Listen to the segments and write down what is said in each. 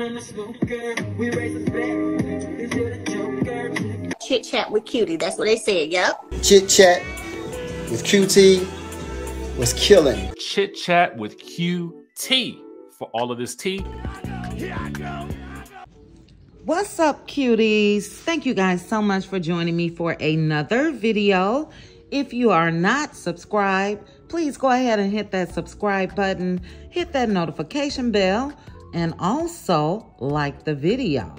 on the We raise Chit chat with cutie. That's what they said. Yep. Chit chat with QT was killing. Chit chat with QT for all of this tea. What's up, cuties? Thank you guys so much for joining me for another video. If you are not subscribed, please go ahead and hit that subscribe button, hit that notification bell and also like the video.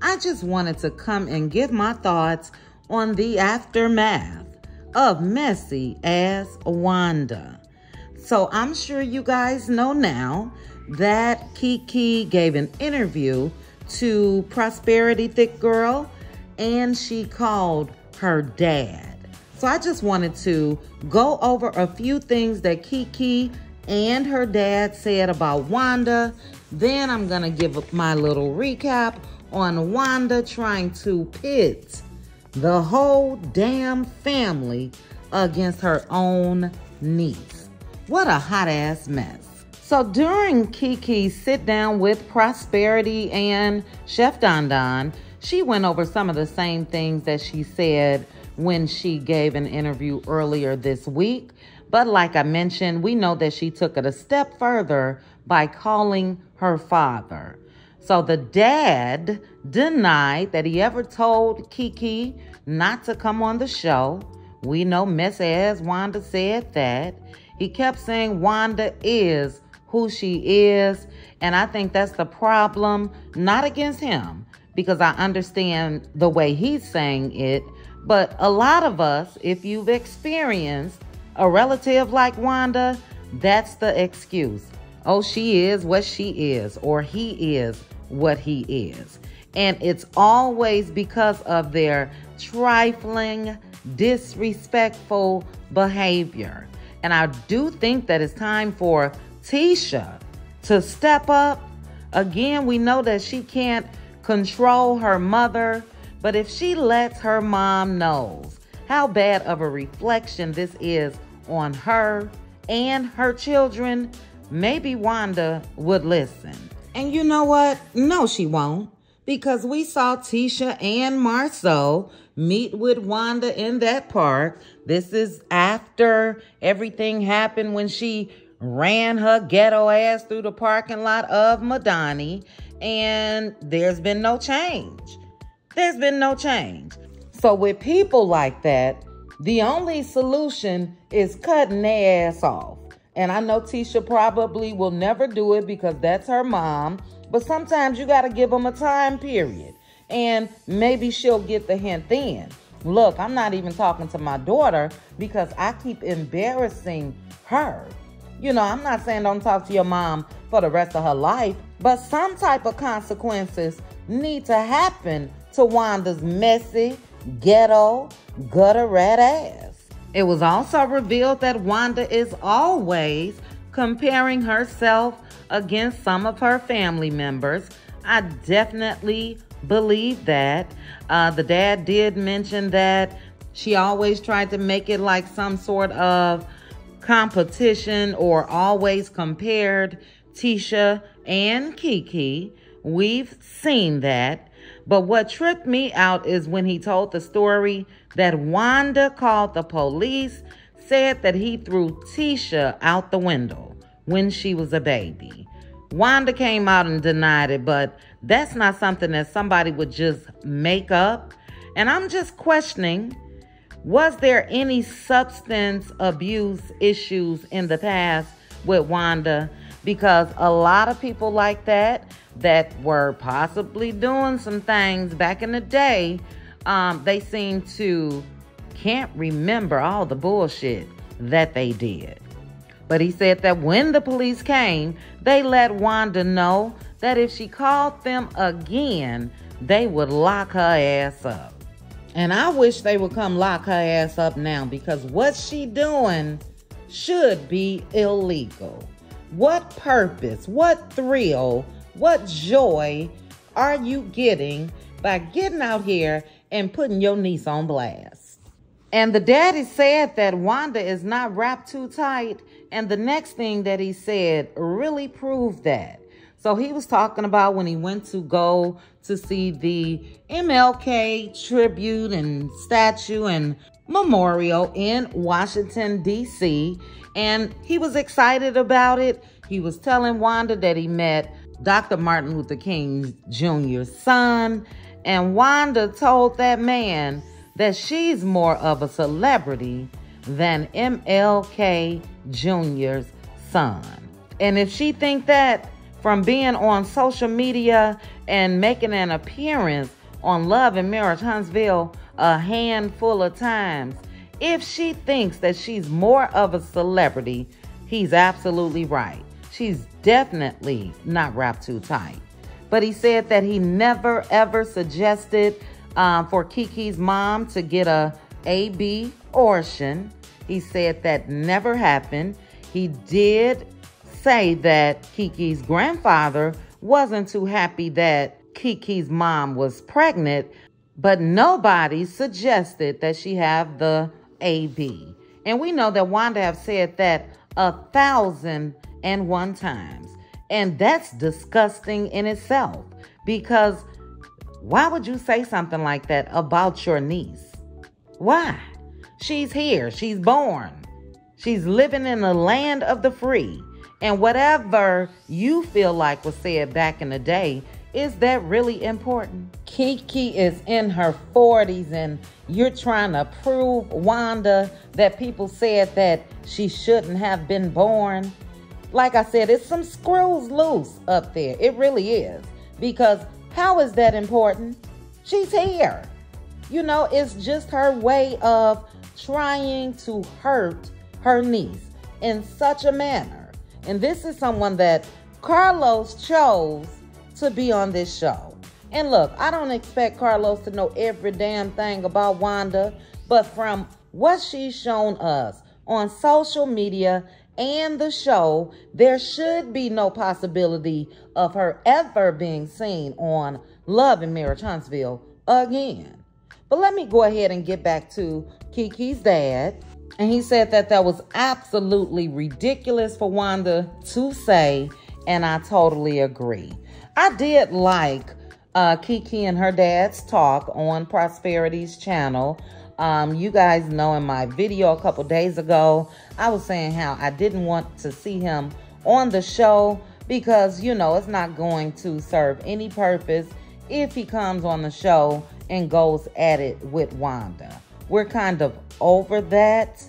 I just wanted to come and give my thoughts on the aftermath of messy as Wanda. So I'm sure you guys know now that Kiki gave an interview to Prosperity Thick Girl and she called her dad. So I just wanted to go over a few things that Kiki and her dad said about Wanda then I'm going to give my little recap on Wanda trying to pit the whole damn family against her own niece. What a hot ass mess. So during Kiki's sit down with Prosperity and Chef Don Don, she went over some of the same things that she said when she gave an interview earlier this week. But like I mentioned, we know that she took it a step further by calling her father. So the dad denied that he ever told Kiki not to come on the show. We know Miss as Wanda said that. He kept saying Wanda is who she is. And I think that's the problem, not against him, because I understand the way he's saying it. But a lot of us, if you've experienced a relative like Wanda, that's the excuse. Oh, she is what she is, or he is what he is. And it's always because of their trifling, disrespectful behavior. And I do think that it's time for Tisha to step up. Again, we know that she can't control her mother, but if she lets her mom knows how bad of a reflection this is on her and her children, Maybe Wanda would listen. And you know what? No, she won't. Because we saw Tisha and Marceau meet with Wanda in that park. This is after everything happened when she ran her ghetto ass through the parking lot of Madani. And there's been no change. There's been no change. So, with people like that, the only solution is cutting their ass off. And I know Tisha probably will never do it because that's her mom, but sometimes you got to give them a time period. And maybe she'll get the hint then. Look, I'm not even talking to my daughter because I keep embarrassing her. You know, I'm not saying don't talk to your mom for the rest of her life, but some type of consequences need to happen to Wanda's messy, ghetto, gutter rat ass. It was also revealed that Wanda is always comparing herself against some of her family members. I definitely believe that. Uh, the dad did mention that she always tried to make it like some sort of competition or always compared Tisha and Kiki. We've seen that. But what tripped me out is when he told the story that Wanda called the police, said that he threw Tisha out the window when she was a baby. Wanda came out and denied it, but that's not something that somebody would just make up. And I'm just questioning was there any substance abuse issues in the past with Wanda because a lot of people like that that were possibly doing some things back in the day, um, they seem to can't remember all the bullshit that they did. But he said that when the police came, they let Wanda know that if she called them again, they would lock her ass up. And I wish they would come lock her ass up now because what she doing should be illegal. What purpose, what thrill, what joy are you getting by getting out here and putting your niece on blast? And the daddy said that Wanda is not wrapped too tight. And the next thing that he said really proved that. So he was talking about when he went to go to see the MLK tribute and statue and Memorial in Washington, D.C., and he was excited about it. He was telling Wanda that he met Dr. Martin Luther King Jr.'s son, and Wanda told that man that she's more of a celebrity than MLK Jr.'s son. And if she think that from being on social media and making an appearance on Love and Marriage Huntsville, a handful of times. If she thinks that she's more of a celebrity, he's absolutely right. She's definitely not wrapped too tight. But he said that he never ever suggested um, for Kiki's mom to get a AB Orson. He said that never happened. He did say that Kiki's grandfather wasn't too happy that Kiki's mom was pregnant but nobody suggested that she have the AB. And we know that Wanda have said that a thousand and one times. And that's disgusting in itself because why would you say something like that about your niece? Why? She's here, she's born, she's living in the land of the free. And whatever you feel like was said back in the day, is that really important? Kiki is in her 40s and you're trying to prove Wanda that people said that she shouldn't have been born. Like I said, it's some screws loose up there. It really is. Because how is that important? She's here. You know, it's just her way of trying to hurt her niece in such a manner. And this is someone that Carlos chose to be on this show. And look, I don't expect Carlos to know every damn thing about Wanda, but from what she's shown us on social media and the show, there should be no possibility of her ever being seen on Love and Marriage Huntsville again. But let me go ahead and get back to Kiki's dad. And he said that that was absolutely ridiculous for Wanda to say, and I totally agree. I did like uh, Kiki and her dad's talk on Prosperity's channel. Um, you guys know in my video a couple days ago, I was saying how I didn't want to see him on the show because, you know, it's not going to serve any purpose if he comes on the show and goes at it with Wanda. We're kind of over that.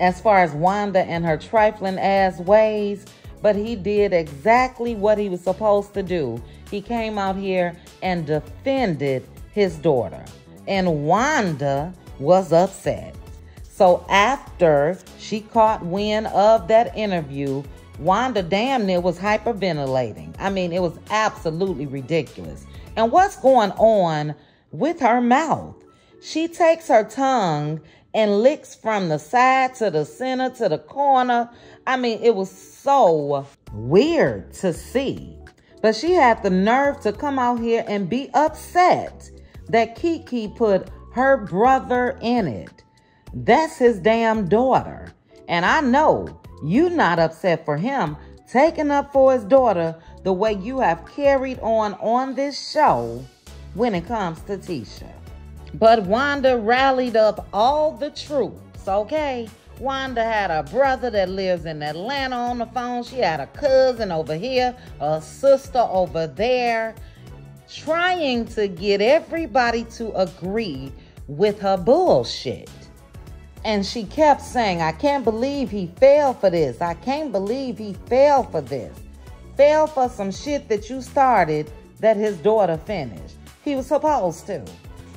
As far as Wanda and her trifling ass ways, but he did exactly what he was supposed to do. He came out here and defended his daughter, and Wanda was upset. So after she caught wind of that interview, Wanda damn near was hyperventilating. I mean, it was absolutely ridiculous. And what's going on with her mouth? She takes her tongue and licks from the side to the center to the corner. I mean, it was so weird to see. But she had the nerve to come out here and be upset that Kiki put her brother in it. That's his damn daughter. And I know you not upset for him taking up for his daughter the way you have carried on on this show when it comes to Tisha. But Wanda rallied up all the troops, okay? Wanda had a brother that lives in Atlanta on the phone. She had a cousin over here, a sister over there, trying to get everybody to agree with her bullshit. And she kept saying, I can't believe he fell for this. I can't believe he fell for this. Fell for some shit that you started that his daughter finished. He was supposed to.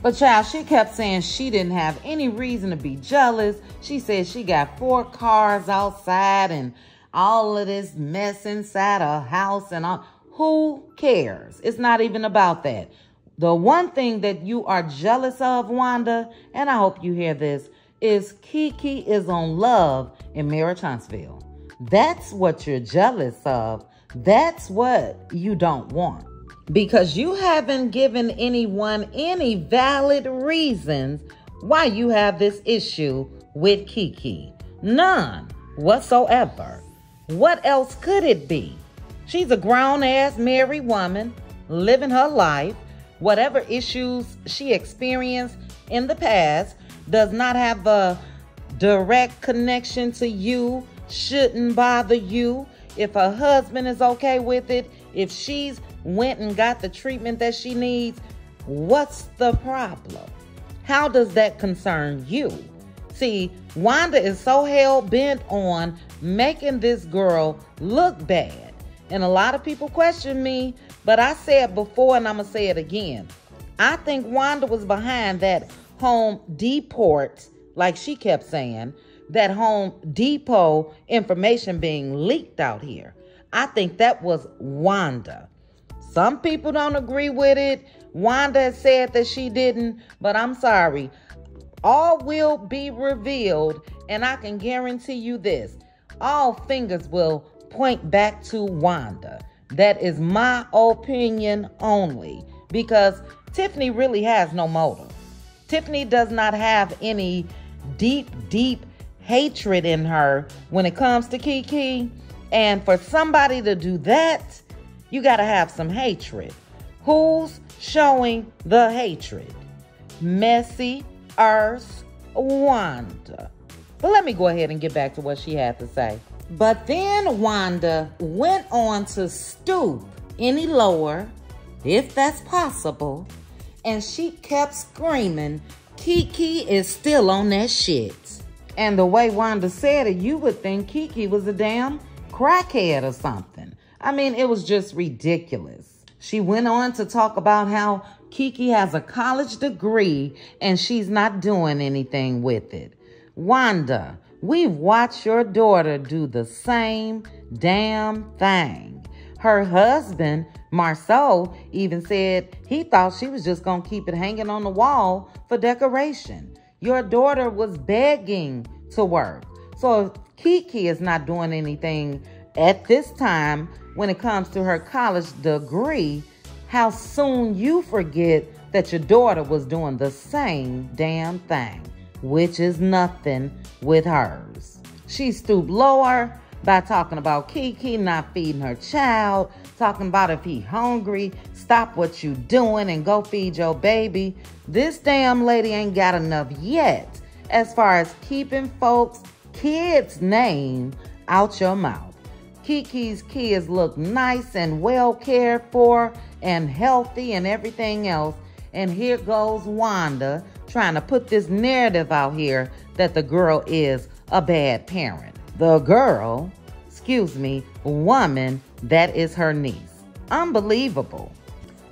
But child, she kept saying she didn't have any reason to be jealous. She said she got four cars outside and all of this mess inside her house and all. Who cares? It's not even about that. The one thing that you are jealous of, Wanda, and I hope you hear this, is Kiki is on love in Mara Huntsville. That's what you're jealous of. That's what you don't want because you haven't given anyone any valid reasons why you have this issue with Kiki. None whatsoever. What else could it be? She's a grown ass married woman living her life. Whatever issues she experienced in the past does not have a direct connection to you, shouldn't bother you. If her husband is okay with it, if she's went and got the treatment that she needs, what's the problem? How does that concern you? See, Wanda is so hell bent on making this girl look bad. And a lot of people question me, but I said before and I'm going to say it again. I think Wanda was behind that home deport, like she kept saying, that home depot information being leaked out here. I think that was Wanda. Some people don't agree with it. Wanda said that she didn't, but I'm sorry. All will be revealed, and I can guarantee you this all fingers will point back to Wanda. That is my opinion only because Tiffany really has no motive. Tiffany does not have any deep, deep hatred in her when it comes to Kiki. And for somebody to do that, you got to have some hatred. Who's showing the hatred? Messy Earth Wanda. But let me go ahead and get back to what she had to say. But then Wanda went on to stoop any lower, if that's possible, and she kept screaming, Kiki is still on that shit. And the way Wanda said it, you would think Kiki was a damn crackhead or something. I mean, it was just ridiculous. She went on to talk about how Kiki has a college degree and she's not doing anything with it. Wanda, we've watched your daughter do the same damn thing. Her husband, Marceau, even said he thought she was just going to keep it hanging on the wall for decoration. Your daughter was begging to work. So if Kiki is not doing anything at this time, when it comes to her college degree, how soon you forget that your daughter was doing the same damn thing, which is nothing with hers. She stooped lower by talking about Kiki not feeding her child, talking about if he hungry, stop what you doing and go feed your baby. This damn lady ain't got enough yet as far as keeping folks' kids' name out your mouth. Kiki's kids look nice and well cared for and healthy and everything else. And here goes Wanda trying to put this narrative out here that the girl is a bad parent. The girl, excuse me, woman that is her niece. Unbelievable.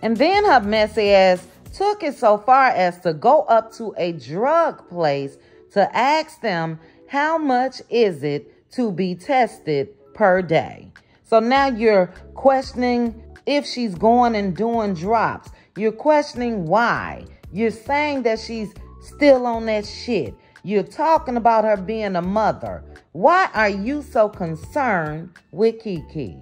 And then her messy ass took it so far as to go up to a drug place to ask them how much is it to be tested per day. So now you're questioning if she's going and doing drops. You're questioning why. You're saying that she's still on that shit. You're talking about her being a mother. Why are you so concerned with Kiki?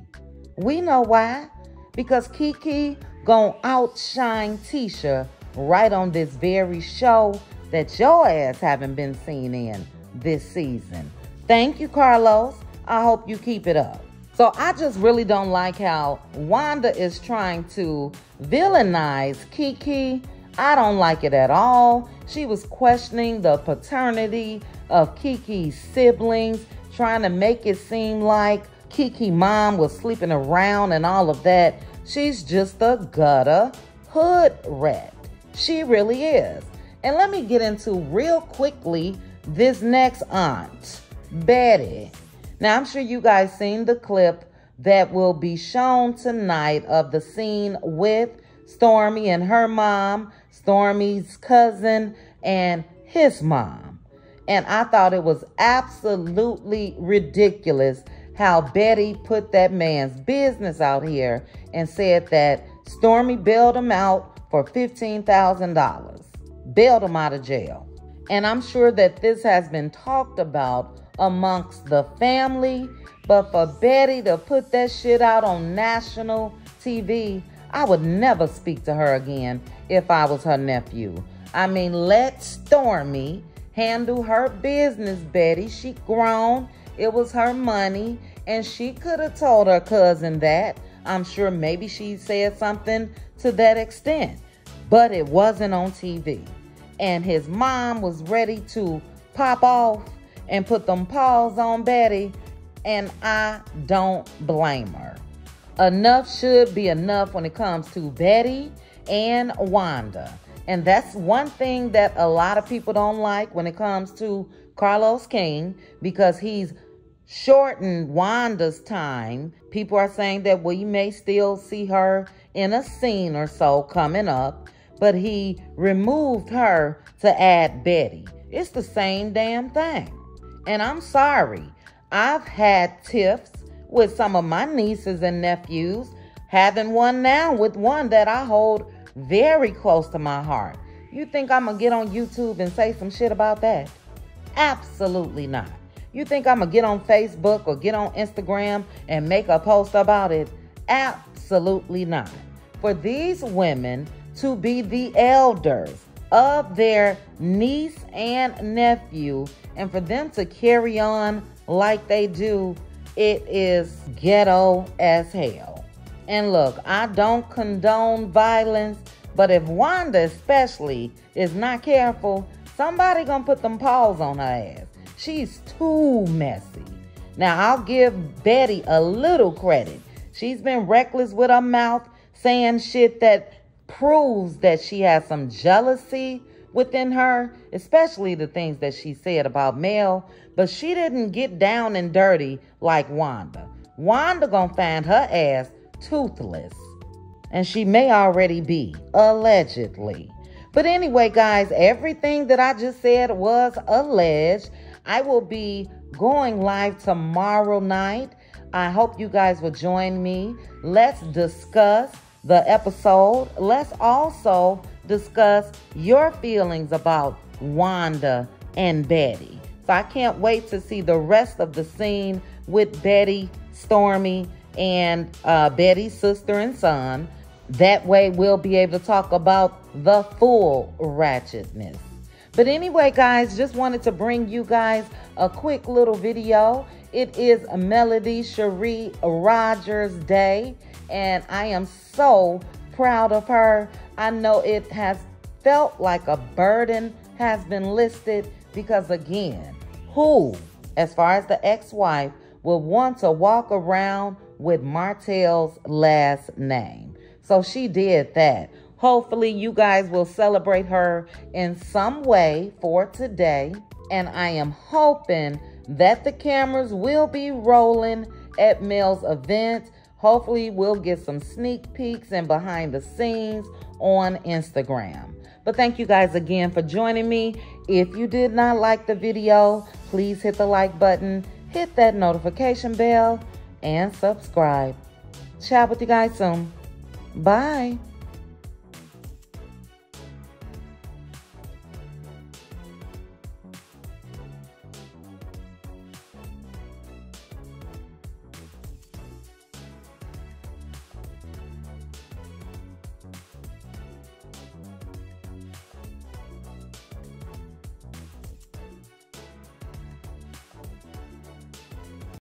We know why. Because Kiki gonna outshine Tisha right on this very show that your ass haven't been seen in this season. Thank you, Carlos. I hope you keep it up. So I just really don't like how Wanda is trying to villainize Kiki. I don't like it at all. She was questioning the paternity of Kiki's siblings, trying to make it seem like Kiki mom was sleeping around and all of that. She's just a gutter hood rat. She really is. And let me get into real quickly this next aunt, Betty. Now, I'm sure you guys seen the clip that will be shown tonight of the scene with Stormy and her mom, Stormy's cousin, and his mom. And I thought it was absolutely ridiculous how Betty put that man's business out here and said that Stormy bailed him out for $15,000, bailed him out of jail. And I'm sure that this has been talked about amongst the family. But for Betty to put that shit out on national TV, I would never speak to her again if I was her nephew. I mean, let Stormy handle her business, Betty. She grown. It was her money. And she could have told her cousin that. I'm sure maybe she said something to that extent. But it wasn't on TV. And his mom was ready to pop off and put them paws on Betty, and I don't blame her. Enough should be enough when it comes to Betty and Wanda. And that's one thing that a lot of people don't like when it comes to Carlos King because he's shortened Wanda's time. People are saying that we may still see her in a scene or so coming up, but he removed her to add Betty. It's the same damn thing. And I'm sorry, I've had tiffs with some of my nieces and nephews, having one now with one that I hold very close to my heart. You think I'm gonna get on YouTube and say some shit about that? Absolutely not. You think I'm gonna get on Facebook or get on Instagram and make a post about it? Absolutely not. For these women to be the elders, of their niece and nephew. And for them to carry on like they do, it is ghetto as hell. And look, I don't condone violence, but if Wanda especially is not careful, somebody gonna put them paws on her ass. She's too messy. Now I'll give Betty a little credit. She's been reckless with her mouth, saying shit that proves that she has some jealousy within her, especially the things that she said about Mel. But she didn't get down and dirty like Wanda. Wanda gonna find her ass toothless. And she may already be, allegedly. But anyway, guys, everything that I just said was alleged. I will be going live tomorrow night. I hope you guys will join me. Let's discuss the episode, let's also discuss your feelings about Wanda and Betty. So I can't wait to see the rest of the scene with Betty, Stormy, and uh, Betty's sister and son. That way, we'll be able to talk about the full ratchetness. But anyway, guys, just wanted to bring you guys a quick little video. It is Melody Cherie Rogers Day and I am so proud of her. I know it has felt like a burden has been listed because, again, who, as far as the ex wife, would want to walk around with Martell's last name? So she did that. Hopefully, you guys will celebrate her in some way for today. And I am hoping that the cameras will be rolling at Mel's event Hopefully, we'll get some sneak peeks and behind the scenes on Instagram. But thank you guys again for joining me. If you did not like the video, please hit the like button, hit that notification bell, and subscribe. Chat with you guys soon. Bye.